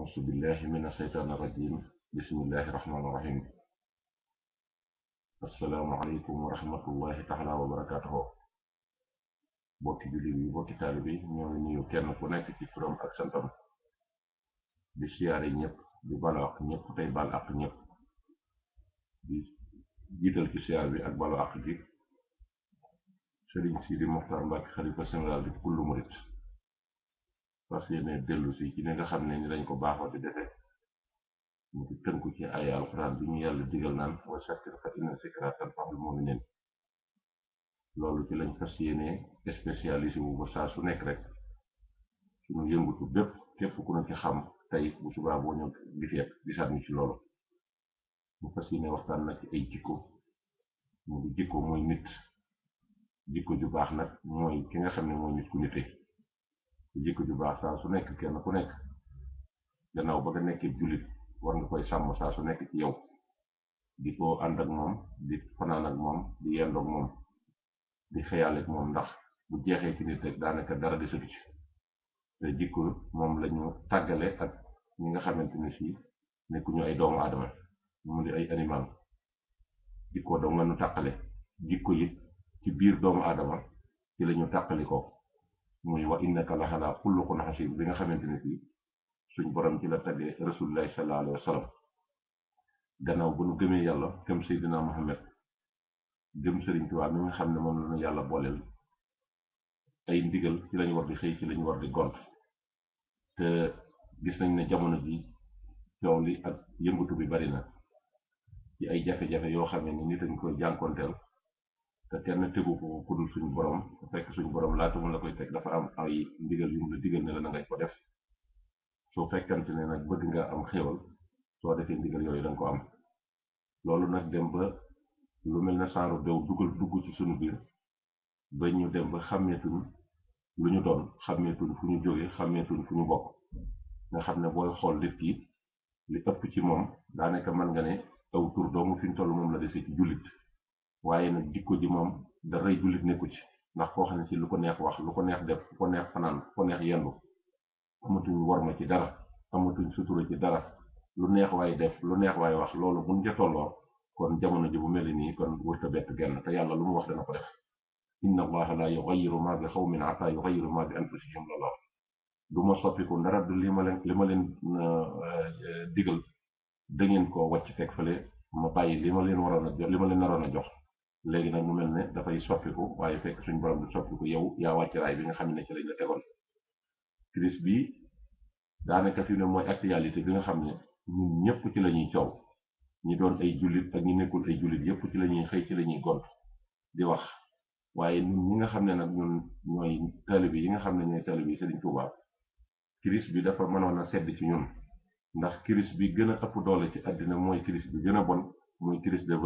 أعوذ بالله من الشيطان الرجيم بسم الله الرحمن الرحيم assalaamu aleykum wa rahmatullahi taala wa barakatuhu bokki bi ñoo ngi kenn ku nekk ci turam ak santam di siyaare ñëpp di balu ak ñëpp tey bal ak ñëpp jiital ci siyaar bi ak balu ak ji Sëriñ Sidi Moxtaar Mbàkke xalifa général di kullu murit fas yéene dellu ci ni nga xam ne ni lañ ko baaxoo di defee ñu tënku ci ay alxuraan bi ñu yàlla digal naan wa sakkir fa inna zikraa tanfa'ul mu'miniin loolu ci lañ fas yéene spécialisé wu ba su nekk rek suñu yëngutu bépp képp ku na ci xam tey bu subaa boo ñëw gisee gisaat ñu ci loolu ñu fas yéene waxtaan nag ay jikko ñu ngi jikko mooy nit jikko ju baax nag mooy ki nga xam ne mooy nit ku nite jikko ju baax saa su nekk kenn ku nekk gannaaw ba nga nekkee jullit war nga koy sàmm saa su nekk ci yow di ànd ak moom di fanaan ak moom di yendoog moom di xëyaal ak moom ndax bu jeexee ci nit rek daanaka dara di sut ci te jikko moom lañu tàggale ak ñi nga xamante ni si nekkuñu ay doomu aadama mu di ay animal jikko dong la ñu tàqale jikko yi ci biir doomu aadama ci lañu tàqali muy wa innaka la xalaa xulluqun xasim bi nga xamante ne fii suñ borom ci la taggee rasulullahi sallallahu alayhi wa sallam gannaaw bu nu gëmee yàlla gëm Seydina Muhammad gëm Sëriñ Tuubaa nga xam ne moom la ñu yàlla booleel ay ndigal ci lañ war di xëy ci lañ war di gont te gis nañ ne jamono ji coow li ak yëngatu bi bari na ci ay jafe-jafe yoo xam ne nit a ngi koy jànkonteel te kenn tegu ko ku dul suñu borom fekk suñu borom laata mu la koy teg dafa am ay ndigal yu mu la digal ne la na ko def soo fekkante ne nag bëgg nga am xéewal soo defee ndigal yooyu danga ko am loolu nag dem ba lu mel na saaru dew dugal dugg ci suñu biir ba ñu dem ba xàmmeetuñ lu ñu doon xàmmeetuñ fu ñu jógee xàmmeetuñ fu ñu bokk nga xam ne booy xool nit ki li ëpp ci moom daanaka man nga ne aw tur doomu fi toll moom la desee ci jullit waaye nag jikko ji moom da daray jullit nekku ci ndax koo xam ne si lu ko neex wax lu ko neex def lu ko neex fanaan lu ko neex yendu amatuñ worma ci dara amatuñ sutura ci dara lu neex waay def lu neex waay wax loolu buñ ca tolloo kon jamono ji bu mel nii kon wërta bett genn te yàlla lu mu wax dana ko def inna allaha la yughayyiru ma xaw qawmin hatta yughayyiru ma bi anfusihim la laa du ma soppiku ndara du li ma leen li ma leen euh, digal da ngeen ko wàcc fekk fële ma ma leen waroon a jox ma leen naroon a jox léegi nag mu mel ne dafay soppiku waaye fekk suñ borom du soppiku yow yaa wàcc raay bi nga xam ne ci lañ la tegoon crise bi daanaka fi ne mooy bi nga xam ne ñun ñëpp ci la ñuy coow ñi doon ay jullit ak ñi nekkul ay jullit yëpp ci la ñuy xëy ci la ñuy gont di wax waaye ñun ñi nga xam ne nag ñun ñooy taalibe yi nga xam ne ñooy taalibe yi Sëriñ Tuubaa crise bi dafa mënoon a sedd ci ñun ndax crise bi gën a ëpp doole ci àddina mooy crise bi gën bon mooy crise de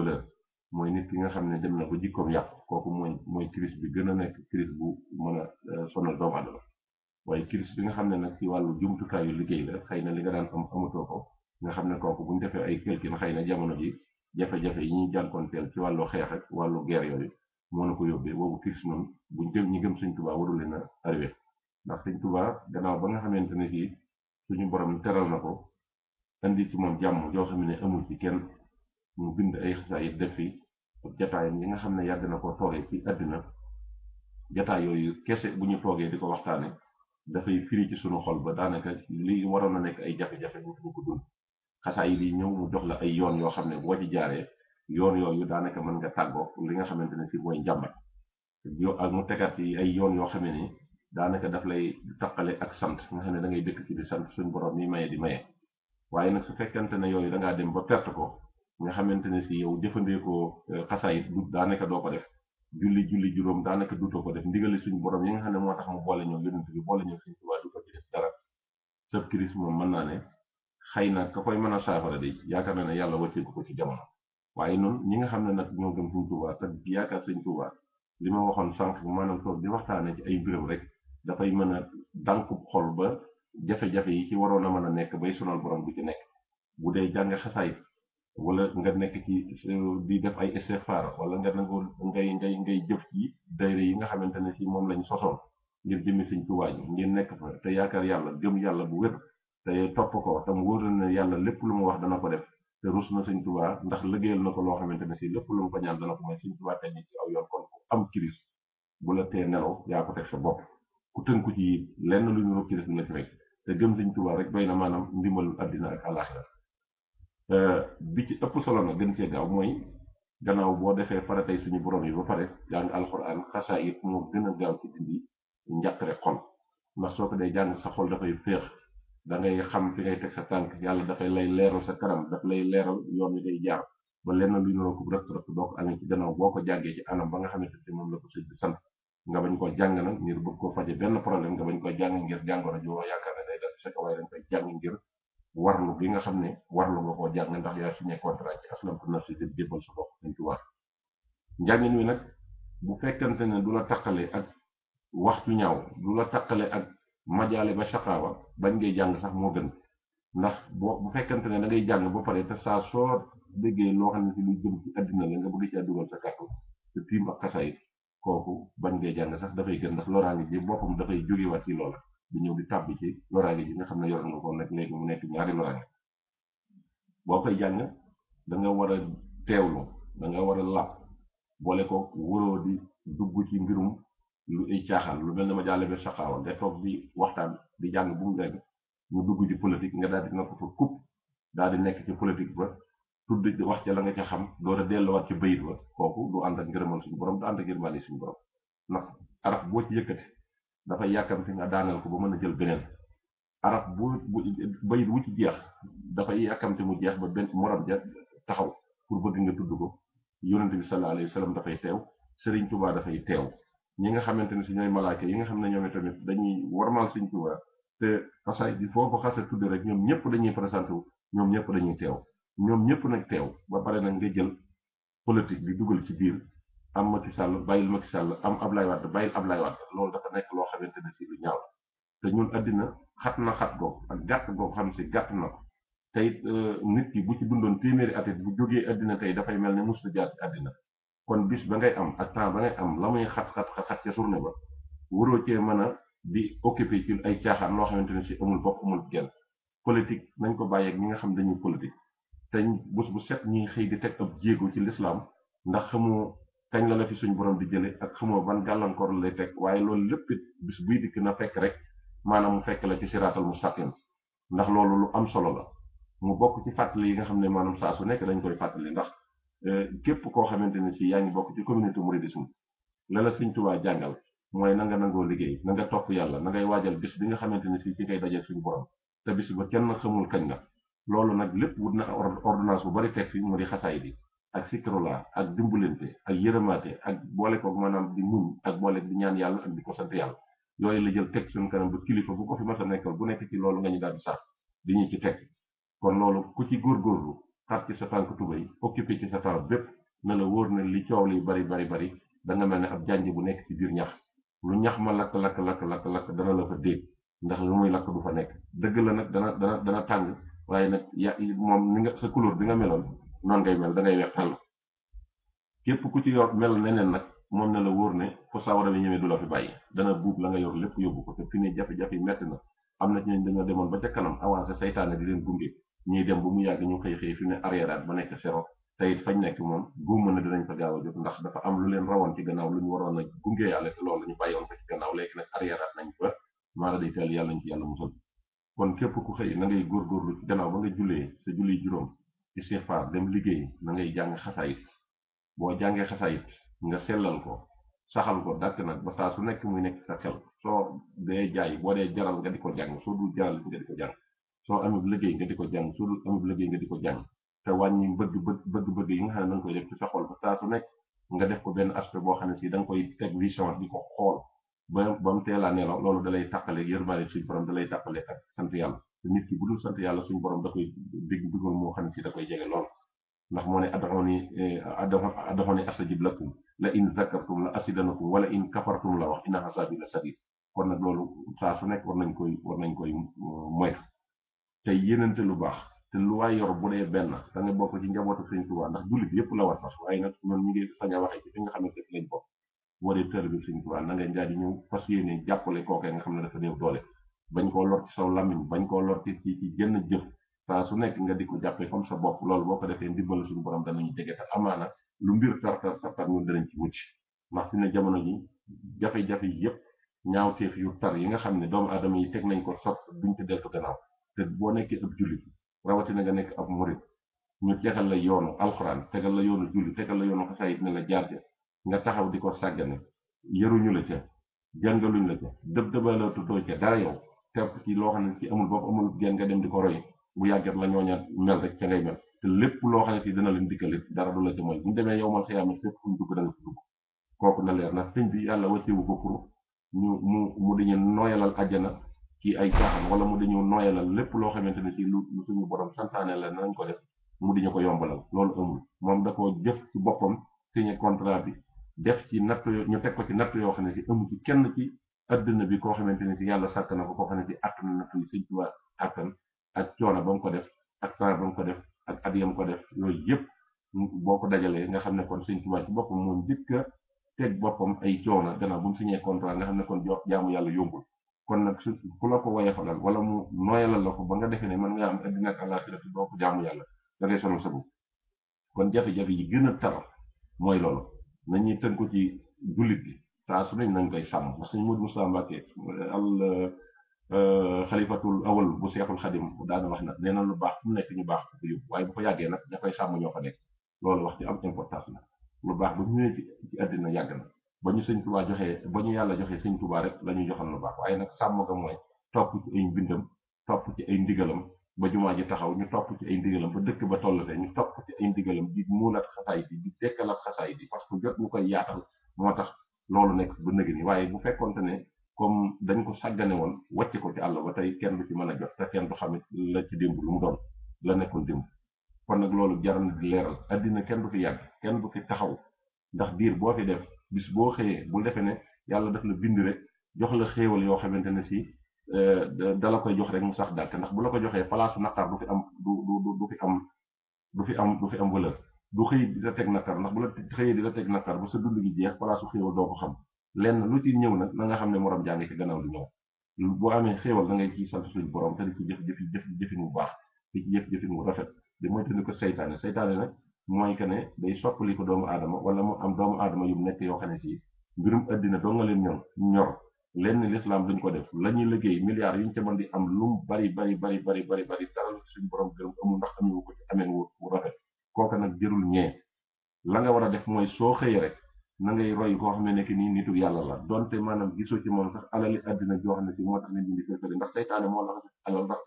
mooy nit ki nga xam ne dem na ba jikkoom yàqu kooku mooy mooy crise bi gën a nekk crise bu mën a euh, sonal doomu aadama waaye crise bi nga xam ne nag ci wàllu jumtukaayu liggéey la xëy na li nga daan am amatoo ko nga xam ne kooku buñu defee ay calcul xëy na jamono ji jafe-jafe yi ñuy jànkoonteel ci wàllu xeex wàllu guerre yooyu moo na ko yóbbee boobu crise noonu buñ jëm ñi gëm Sëñ Tuubaa warul leen a arrivé ndax Sëñ Tuubaa gannaaw ba nga xamante ne fii suñu borom teral na ci moom jàmm joo xam ne amul ci kenn mu bind ay xasaayit def fi jataayam yi nga xam ne yàgg na koo toogee ci àddina jataay yooyu kese bu ñu toogee di ko waxtaane dafay firi ci sunu xol ba daanaka li waroon a nekk ay jafe-jafe ñu ko dund xasaayit yi la ay yoon yoo xam ne boo ci jaaree yoon yooyu daanaka mën nga tàggoo li nga xamante ne si mooy njàmbat yoo ak mu tegaat yi ay yoon yoo xam ne ni daanaka daf lay taqale ak sant nga ne da ngay dëkk ci suñu borom mi maye di maye waaye nag su fekkante ne yooyu da ngaa dem ba perte ko nga xamante ne si yow jëfandikoo euh, xasaayit du daanaka doo ko def julli julli juróom daanaka duutoo ko def ndigali suñu boroom yi nga xam ne moo tax mu boole ñoom yonent bi boole ñoom tubaab du moom mën naa ne xëy na mën a saafara de yaakaar na yàlla wàcceeku ko ci jamono waaye noonu ñi nga xam ne nag ñoo gëm suñu tubaab te li ma waxoon sànq maanaam toog di waxtaane ci ay mbiram rek dafay mën a dànku xol ba jafe-jafe yi ci waroon a mën a nekk bay sonal borom du ci nekk bu dee jàng xasaayit wala nga nekk ci di def ay istighfar wala nga nangu ngay ngay ngay jëf ci dayre yi nga xamante ne si moom lañ sosoon ngir jëmmi sëñ Tuubaa ji ngir nekk fa te yaakaar yàlla gëm yàlla bu wér te topp ko tam wóor na yàlla lépp lu mu wax dana ko def te rus na sëñ Tuubaa ndax liggéeyal na ko loo xamante ne si lépp lu mu ko ñaan dana ko may sëñ Tuubaa tey ci aw yoon kon am kiris bu la tee nelaw yaa ko teg sa bopp ku tënku ci lenn lu ñu rëkk kiris na ci rek te gëm sëñ rek doy na maanaam ndimbalu àddina ak Euh, bi ci ëpp solo na gën cee gaaw mooy gannaaw boo defee faratay suñu borom yi ba pare jàng alxuraan xasaa it moo gën a gaaw ci dindi njàqare xol ndax soo ko dee jàng sa xol dafay féex da xam fi ngay teg sa tànk yàlla dafay lay leeral sa kanam daf lay leeral yoon wi day jaar ba lenn lu noo ko rëkk rëkk doo ko amee ci gannaaw boo ko jàngee ci anam ba nga xamante ne moom ko sant nga bañ koo jàng nag ngir bëgg koo faje benn problème nga bañ koo jàng ngir jàngoro joo yaakaar warlu gi nga xam ne warlu nga koo jàng ndax yaa signé contrat ci aslamtu nafsi te jébbal sa bopp dañ ci war njàngin wi nag bu fekkante ne du la taqale ak waxtu ñaaw du la taqale ak majaale ba shaqaawa bañ ngay jàng sax moo gën ndax boo bu fekkante ne da ngay jàng ba pare te saa soo déggee loo xam ne si lu jëm ci àddina la nga bëgg ci dugal sa kàttu te tiim ak xasaayit kooku bañ ngay jàng sax dafay gën ndax loraange ji boppam dafay jógewaat ci loola di ñëw di tàbbi ci loraange ji nga xam ne yor nga ko nag léegi nekk ñaari loraange boo koy jàng da nga a teewlu da nga war a làpp boole ko wóoroo di dugg ci mbirum lu ay caaxaan lu mel ma jàlle bi saxaawa nga toog bi waxtaan di jàng bu mu dégg ñu dugg ci politique nga daal di na ko fa kupp daal nekk ci politique ba tudd di wax ca la nga ca xam door a delluwaat ci bayit ba kooku du ànd ak ngërëmal suñu borom du ànd ak yërmande suñu borom ndax araf boo ci yëkkati dafay yàkkamti nga daaneel ko ba mën a jël beneen arab bu bu bayit wu jeex dafay yàkkamti mu jeex ba benn morom ja taxaw pour bëgg nga tudd ko yonent bi sallallahu alayhi wa sallam dafay teew Serigne Touba dafay teew ñi nga xamante ne si ñooy malaaka yi nga xam ne ñoom tamit dañuy warmal Serigne Touba te passage bi foo ko xasee tudd rek ñoom ñëpp dañuy présenté ñoom ñëpp dañuy teew ñoom ñëpp nag teew ba pare nag nga jël politique bi dugal ci biir am Macky Sall bàyyil Macky Sall am Ablaye Wade bàyyil Ablaye Wade loolu dafa nekk loo xamante si lu ñaaw te ñun àddina xat na xat goog ak gàtt goog xam si gàtt na ko tey euh, nit ki bu ci dundoon téeméeri at bu jógee àddina tey dafay mel ne musul jaar ci àddina kon bis ba ngay am ak temps ba ngay am la muy xat xat xat ca journée ba waroo cee mën a di occupé ci ay caaxaan loo xamante ne si amul bopp amul genn politique nañ ko bàyyeeg ñi nga xam dañuy politique te bés bu set ñuy xëy di teg ab jéego ci lislaam ndax xamoo kañ la la fi suñ boroom di jëlee ak xamoo ban gàllankoor lay teg waaye loolu lépp bis buy dikk na fekk rek maanaam mu fekk la ci siraatal mustaqim ndax loolu lu am solo la mu bokk ci fàttali yi nga xam ne maanaam saa su nekk dañ koy fàttali ndax eh, képp koo xamante ne si yaa ngi bokk ci communauté mouridisme la la Sëriñ Tuubaa jàngal mooy na nga nangoo liggéey na nga topp yàlla na ngay waajal bis bi nga xamante ne si ci ngay dajee suñu borom te bis ba kenn xamul loolu nag lépp wut na ordonnance bu bari teg fi mu di xasaay bi ak sikkarulaa ak dimbalante ak yërëmaate ak boole ko maanaam di muñ ak boole di ñaan yàlla ak di ko yàlla yooyu la jël teg suñu kanam ba kilifa bu ko fi mas a nekkal bu nekk ci loolu nga ñu daal di kon loolu ci góorgóorlu xar ci sa tànk tubay occupé ci sa temps bépp na la na li coow li bari bari bari da nga mel ne ab jànj bu nekk ci biir ñax lu ñax ma lakk lakk lakk lakk dana la fa dégg ndax lu muy lakk du fa nekk dëgg la nag dana dana dana tàng waaye nag ya moom ni nga sa couleur bi nga meloon noonu ngay mel da ngay weex képp ku ci yor mel neneen nag moom ne la wóor ne fu sawara bi ñëwee du la fi bàyyi dana buub la nga yor lépp yóbbu ko te fi ne jafe-jafe yi metti na am na ci ñooñ dañoo demoon ba ca kanam avancé saytaane di leen gunge ñuy dem ba mu yàgg ñu xëy xëy fi ne arriéraat ba nekk sero te it fañ nekk moom guuma na dinañ fa gaaw a jot ndax dafa am lu leen rawoon ci gannaaw lu ñu waroon a gunge yàlla te loolu ñu bàyyoon ko ci gannaaw léegi nag arriéraat nañ ba nañ yàlla musal kon képp ku xëy na ngay góorgóorlu ci gannaaw ba nga jullee juróom istighfar dem liggéey na ngay jàng xasayit boo jàngee xasayit nga sellal ko saxal ko dàkk nag ba saa su nekk muy nekk sa xel soo dee jaay boo dee jaral nga di ko jàng soo dul jaral nga di ko jàng soo amib liggéey nga di ko jàng soo dul amib liggéey nga di ko jàng te wàññi bëgg bëgg bëgg yi nga xam ne da nga koy def ci sa xol ba saa su nekk nga def ko benn aspect boo xam ne si da koy teg vision di ko xool ba ba mu teelaa nelaw loolu dalay tàqale yërmaale suñu borom dalay tàqale ak yàlla te nit ki bu dul sant yàlla suñu borom da koy dégg dugal moo xam ne si da koy jege lool ndax moo ne ad'uuni eh, ad'uuni astajib lakum la in la asidanakum wala in kafartum la wax inna hasaabi la sadid kon nag loolu saa su nekk war nañ koy war nañ koy eh, moytu te yéenante lu baax te lu waay yor bu dee benn da nga bokk ci njabootu Sëñ Tuubaa ndax jullit yëpp la war sax ay nag ñun ñu ngi sañ a waxee ci fi nga xam ne daf lañ bokk boo dee tër bi Sëñ Tuubaa na nga njaay di bañ koo lor ci saw làmmiñ bañ koo lor ci ci ci jëf saa su nekk nga di ko jàppee comme sa bopp loolu boo ko defee ndimbal suñu borom danañu jege te amaana lu mbir tar tar tar ñun danañ ci mucc ndax fi ne jamono ji jafe-jafe yi yëpp ñaawteef yu tar yi nga xam ne doomu aadama yi teg nañ ko sot duñ ci deltu gannaaw te boo nekkee ab jullit rawatina nga nekk ab murit ñu tegal la yoonu alxuraan tegal la yoonu julli tegal la yoonu xasaayit ne la ja nga taxaw di ko sàggane yëruñu la la ca dëb perte ci loo xam ne ci amul bopp amul genn nga dem di ko roy bu yàggat la ñooña mel rek ca ngay mel te lépp loo xam ne dana leen dikkale dara du la ci mooy bu ñu demee yow ko pour ñu mu mu dañu nooyalal ay caaxaan wala mu dañu lépp loo xamante ne ci lu suñu borom santaane la nañ ko def mu diñu ko yombalal loolu amul moom da koo jëf ci boppam signé contrat bi def ci natt ñu teg ko ci natt yoo xam ne ci amul ci kenn ci adduna bi koo xamante ni si yàlla sàkk na ko koo xamante ni na ko sëñ Tuubaa attan ak coono ba mu ko def ak temps ko def ak at yam ko def yëpp boo ko dajalee nga xam ne kon sëñ Tuubaa ci boppam moo njëkk a ay coono gannaaw bu mu signé contrat nga xam ne kon yàlla yombul kon nag ku la ko woyofalal wala mu nooyalal la ko ba nga defe ne mën nga am addina yàlla da kon jafe-jafe yi gën a taraf mooy loolu na tënku ci jullit bi saa su ne nañ koy sàmm ndax sëñ Modou Moustapha Mbacké al euh, xalifatul awal bu seexul xadim daana wax nag nee na lu baax fu nekk ñu baax ko yóbbu waaye bu ko yàggee nag ña ñoo fa loolu wax ci am importance la lu baax ba ñu ñëwee ci yàgg ba ñu sëñ Tuubaa joxee ba ñu yàlla joxee sëñ Tuubaa rek la ñu joxal lu baax waaye nag sàmm ga mooy topp ci ay bindam topp ci ay ndigalam ba jumaa ji taxaw ñu topp ci ay ndigalam ba dëkk ba tollatee ñu topp ci ay ndigalam di muulaat xasaay bi di dekkalaat xasaay bi parce que jot ñu koy yaatal moo tax loolu nekk ba nëgë ni waaye bu fekkonte ne comme dañ ko sàggane woon wàcce ko ci àll ba tey kenn du ci mën a jot te kenn du xamit la ci démb lu mu doon la nekkoon démb kon nag loolu jaram di leeral addina kenn du fi yàgg kenn du fi taxaw ndax diir boo fi def bis boo xëyee bu defe ne yàlla def la bind rek jox la xéewal yoo xamante ne si euh, dala koy jox rek mu sax daal te ndax bu la ko joxee palaasu naqar du fi am du du fi am du fi am du fi am valeur du xëy di la teg nakar bu la xëyee la teg nakar ba sa dund gi jeex palaasu xéewal doo ko xam lenn lu ci ñëw nag na nga xam ne morom jaa ngi ci gannaaw lu ñëw boo amee xéewal da ngay ciy sant suñu borom te di ci jëf jëfi jëf jëfin bu baax di ci jëf jëfin bu rafet di moytandi ko saytaane saytaane nag mooy que ne day li ko doomu aadama wala mu am doomu aadama yu nekk yoo xam ne si mbirum addina doo nga leen ñor ñor lenn lislaam duñ ko def la ñuy liggéey milliards yuñ ca mën di am lu mu bari bari bari bari bari bari dara suñu borom gërëm amul ndax ko ci kooka nag jërul ñee la nga war a def mooy soo xëyee rek na ngay roy koo xam ne nekk nii nitu yàlla la donte maanaam gisoo ci moom sax alali àddina joo xam di fëfëri ndax seytaane moo laxas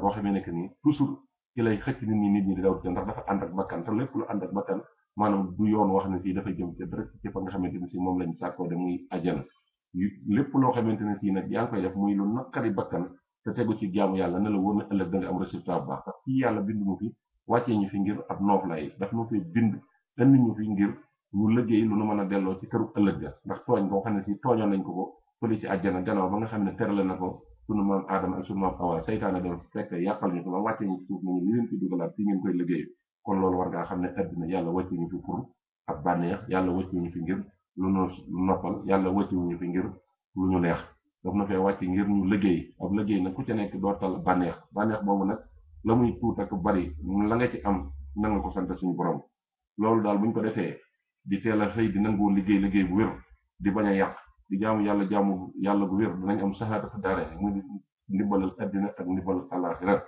boo xam ne nekk nii toujours ci lay xëcc nit ñi nit ñi di daw te ndax dafa lépp lu ànd ak maanaam du yoon wax ne si dafa jëm ca direct ci moom lañ sàkkoo de muy ajana lépp loo xamante ne si nag yaa ngi koy def muy lu naqari bakkan te tegu ci jaamu yàlla na la wóor na ëllëg da nga am résultat baax tax fii yàlla bindu mu fi wàccee ñu fi ngir ab nooflaay daf nu fi bind indi ñu fi ngir ñu liggéey lu nu mën a delloo ci këru ëllëg ga ndax tooñ boo xam ne si nañ ko ko fële ci àjjana gannaaw ba nga xam ne terale na ko sunu maam aadama ak sunu maam awa saytaane doon fekk yàqal ñu ko ba wàccee ñu ci suuf nañu li leen ci dugalaat fi ngeen koy liggéey kon loolu war ngaa xam ne àddina yàlla wàccee ñu fi pour ab bànneex yàlla wàccee ñu fi ngir lu nu noppal yàlla wàccee ñu fi ngir lu ñu neex daf na fee wàcce ngir ñu liggéey ab liggéey nag ku ca nekk doo boobu nag la muy tuut ak bari la nga ci am na nga ko sant suñu borom loolu daal buñ ko defee di teel xëy di nangoo liggéey liggéey bu wér di bañ a yàq di jaamu yàlla jaamu yàlla bu wér dinañ am saxaatatu daare muy ndimbalal addina ak ndimbalal àllaaxira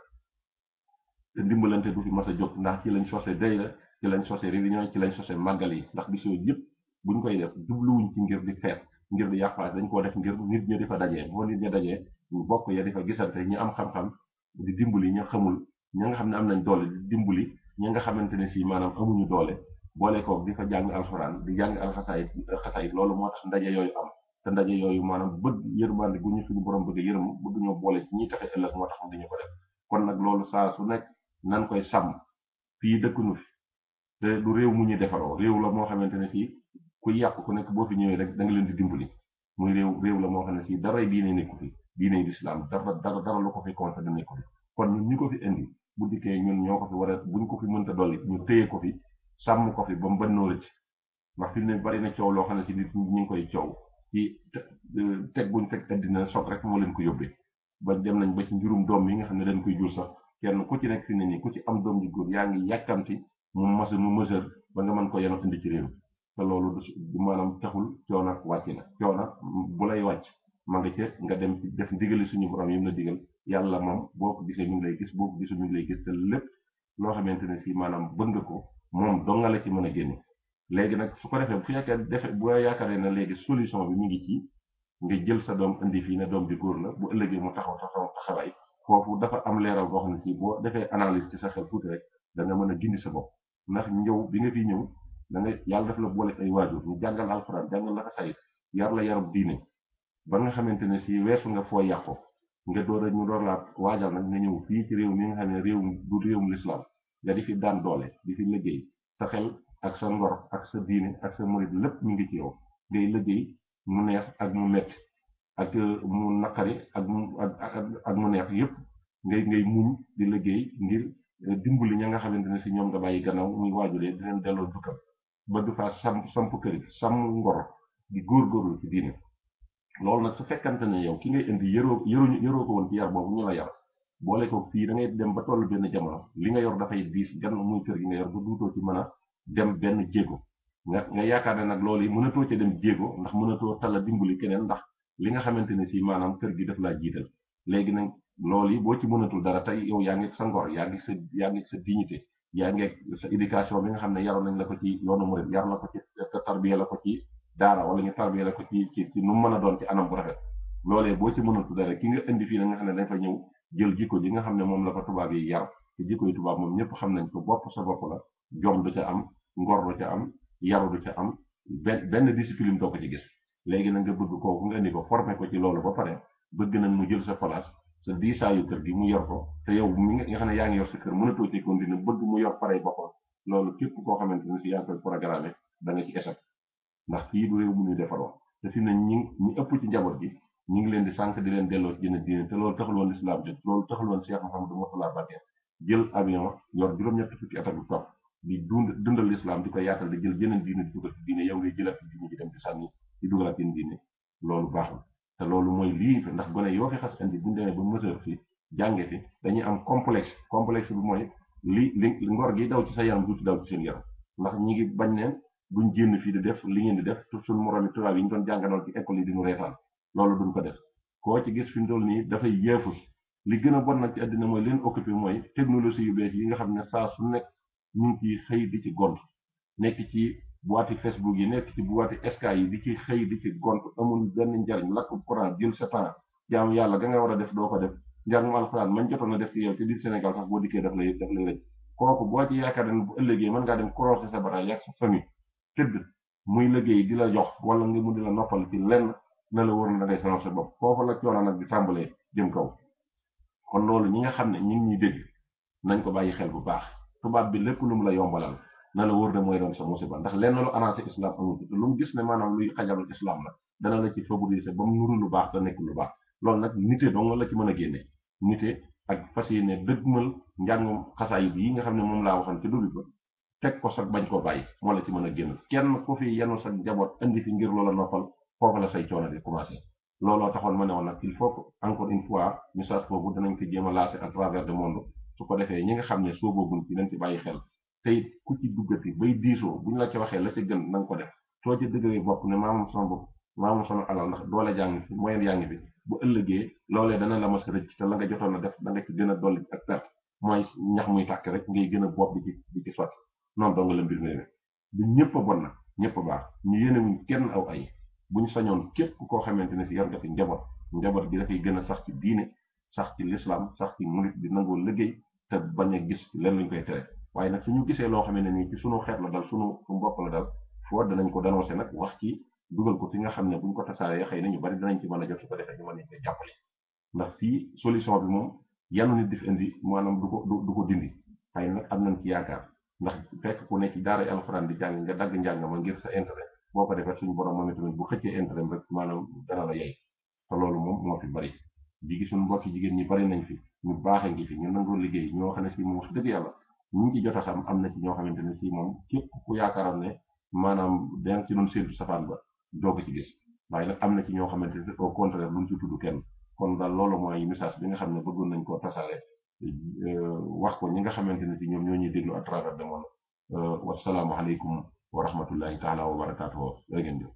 te ndimbalante du fi mas a jóg ndax ci lañ sose dayra ci lañ sose réunion ci lañ sose màggal yi ndax bis yooyu yëpp buñ koy def jubluwuñ ci ngir di feet ngir di yàqaat dañ koo def ngir nit ñi di fa dajee moo nit ñi ñu bokk ya di fa gisante ñu am xam-xam di dimbali ña xamul ña nga xam ne am nañ doole di dimbali ña nga xamante ne sii maanaam amuñu doole boole koog di fa jàng alxuraan di jàng alxasaayit xasaayit loolu moo tax ndaje yooyu am te ndaje yooyu maanaam bëgg yërmande gu ñu suñu borom bëgg yërëm bëgg ñoo boole ci ñuy taxe ëllëg moo tax mu diñu ko def kon nag loolu saa su nekk nan koy sàmm fii dëkkunu fi te du réew mu ñuy defaroo réew la moo xamante ne fii ku yàq ku nekk boo fi ñëwee rek da leen di dimbali muy la moo xam ne diine lislaam dara dara dara lu ko fi commencé du nekkoon kon ñun ñu ko fi indi bu dikkee ñun ñoo ko fi war a buñ ko fi mënta dolli ñu téye ko fi sàmm ko fi ba mu bennoo la ci ndax fi ne bari na coow loo xam ne ci ñu ngi koy coow ci teg buñ teg addina rek moo leen ko yóbbee ba dem nañ ba ci njurum doom yi nga xam ne dañ koy jur sax kenn ku ci nekk fi ne nii ku ci am doom ji góor yaa ngi yàkkamti mu mas mu mesure ba nga man ko yenu indi ci réew te loolu du maanaam taxul coono wàcc na coono bu lay wàcc ma nga ca nga dem def ndigali suñu borom yi mu la digal yàlla moom boo ko gisee mi ngi lay gis boo ko gisul mi lay gis te lépp loo xamante ne si maanaam bëgg nga ko moom dong nga la ci mën a génne léegi nag su ko defee bu yaakaar defe bu yaakaaree na léegi solution bi mu ngi ci nga jël sa doom indi fii ne doom bi góor la bu ëllëgee mu taxaw taxaw taxawaay foofu dafa am leeral boo xam ne si boo defee analyse ci sa xel tuuti rek da mën a gindi sa bopp ndax ñëw bi nga fi ñëw da yàlla def la boole ay waajur ñu jàngal alxuraan jàngal la xasaayit yar la yarub diine ba nga xamante ne si weesu nga foo yàqu nga door a ñu door laa waajal nag nga ñëw fii ci réew mi nga xam ne réewum du réewum lislaam doole di fi liggéey sa ak sa lépp mi ngi ci yow ngay liggéey mu neex ak mu metti ak euh, mu naqari ak mu ak mu neex yëpp ngay ngay muñ di liggéey ngir euh, dimbali ña nga xamante ne si ñoom nga bàyyi gannaaw muy waajulee di leen delloo dukkal bëgg faa sam samp kër gi sàmm ngor di góorgóorlu ci diine loolu nag su fekkante ne yow ki ngay indi yëroo yëruñu yëroo ko woon ci yar boobu ñu la yar boole ko fii da ngay dem ba toll benn jamono li nga yor dafay diis gan muy kër gi nga yor bu duutoo ci mën a dem benn jéego nga nga yaakaar ne nag loolu yi mënatoo ca dem jéego ndax mënatoo tala dimbali keneen ndax li nga xamante ne si maanaam kër gi laa jiital léegi nag loolu yi boo ci mënatul dara tey yow yaa sa ngor yaa ngi sa sa dignité yaa ngi sa éducation bi nga xam ne yaroon nañ la ko ci yoonu murid yar la ko ci tarbiya la ko ci daara wala nga tarbiyale ko ci ci ci nu mu mën a doon ci anam bu rafet loolee boo ci mënul dara ki nga indi fii na nga xam ne dañ fa ñëw jël jikko ji nga xam ne moom la fa tubaab yi yar te jikko yi tubaab moom ñëpp xam nañ ko bopp sa bopp la jom du ca am ngor du ca am yaru du ca am benn benn discipline doo ko ci gis léegi na nga bëgg kooku nga indi ko formé ko ci loolu ba pare bëgg nag mu jël sa place sa diisaayu kër gi mu yor ko te yow mi nga xam ne yaa ngi yor sa kër mënatoo ci continuer bëgg mu yor pare boppam loolu képp koo xamante ne si yaa ngi koy ndax fii du réew mu ñuy defaroon te si nañ ñi ñu ëpp ci njaboot gi ñu ngi leen di sànq di leen delloo ci jënd diine te loolu taxul woon lislaam jot loolu taxul woon jël avion yor juróom-ñett fukki at ak topp di dundal lislaam di ko yaatal di jël jëneen diine di dugal ci diine yow ngay jëlaat ci diine ji dem di sànni di dugalaat yéen diine loolu baaxul te loolu mooy lii ndax gone yoo fi xas indi bu ñu demee ba mesure fi jànge fi dañuy am complexe complexe bi mooy li li gi daw ci sa yaram du ci daw buñ génn fii di def li ngeen di def suñ moromi tubaab yi ñu doon jàngaloon ci école yi di reetaan loolu duñ ko def koo ci gis fi mu toll nii dafay yeefus li gën a bon nag ci àddina mooy leen occupé mooy technologie yu bees yi nga xam ne saa su nekk ñu xëy di ci gont nekk ci boîte Facebook yi nekk ci boîte SK yi di ci xëy di ci gont amul benn njariñ lakk courant jël sa temps jaamu yàlla ga nga war a def doo ko def njàngum alxuraan man jotoon na def ci yow ci biir Sénégal sax boo dikkee daf lay daf lay rëcc kooku boo ci tëdd muy liggéey di la jox wala nga mu di la noppal ci lenn na la wër na day sonal sa bopp foofu la coono nag di tàmbalee jëm kaw kon loolu ñi nga xam ne ñi ngi ñuy dégg nañ ko bàyyi xel bu baax tubaab bi lépp lu mu la yombalal na la wër ne mooy doon sa musiba ndax lenn lu arrangé islam amul te lu mu gis ne maanaam luy xajabal islam la dana la ci favoriser ba mu nuru lu baax te nekk lu baax loolu nag nite dong la ci mën a génne nite ak fas yéene dëgmal njàngum xasaayid yi nga xam ne moom laa waxoon ci teg ko sax bañ koo bàyyi moo la ci mën a génn kenn ku fi yenu sa njaboot indi fi ngir loola noppal foofu la say coono di commencé looloo taxoon ma ne woon nag il faut que encore une fois message boobu danañ ko jéem a lancé à travers le monde su ñi nga xam ne soo boobu ci nañ ci bàyyi xel te it ku ci duggati bay diisoo buñ la ci waxee la ca gën na ko def soo ci dëgëree bopp ne maamoom sama bopp maamoom sama alal ndax doole jàng fi moyen yaa ngi fi bu ëllëgee loolee dana la mas rëcc te la nga jotoon a def da nga gën a dolli muy tàkk rek ngay gën a bopp di noonu dong la mbir ne du ñëpp a bon na ñëpp a baax ñu yéenewuñ kenn aw ay bu buñ sañoon képp koo xamante ne si yor nga fi njaboot njaboot gi dafay a sax ci diine sax ci lislaam sax ci murit di nangoo liggéey te bañ a gis len luñ waaye nag suñu gisee loo xam ne nii ci sunu xeet la dal sunu mbokk la dal foo danañ ko dénoncé nag wax ci dugal ko fi nga xam ne buñ ko tasaaree xëy na ñu bari danañ ci mën a jot su ko defee ñu mën nañ koy jàppale ndax fii solution bi moom yàlla nit dif indi maanaam du ko du ko dindi xëy nag am nañ ci yaakaar ndax fekk ku nekk ci daaray di jàng nga dagg njàng ma ngir sa intérêt boo ko defee suñu borom moom itamit bu xëccee intérêt maanaam dana la yey te loolu moom moo fi bari léegi suñu jigéen ñi bari nañ fi ñu baaxe ngi fi ñu nangoo liggéey ñoo xam ne si moom wax dëgg yàlla ngi ci jot a xam am na ci ñoo xamante ne si moom képp ku yaakaaroon ne maanaam den ci doon séntu safaan ba doog ci gis waaye am na ci ñoo xamante ne au contraire luñ ci tudd daal loolu mooy message bi nga xam ne bëggoon nañ koo tasaare Euh, wax ko ñi nga xamante ne ci ñoom ñoo ñuy déglu à travers le monde euh, wasalaamualeykum wa rahmatullahi taala wa barakaatuhu.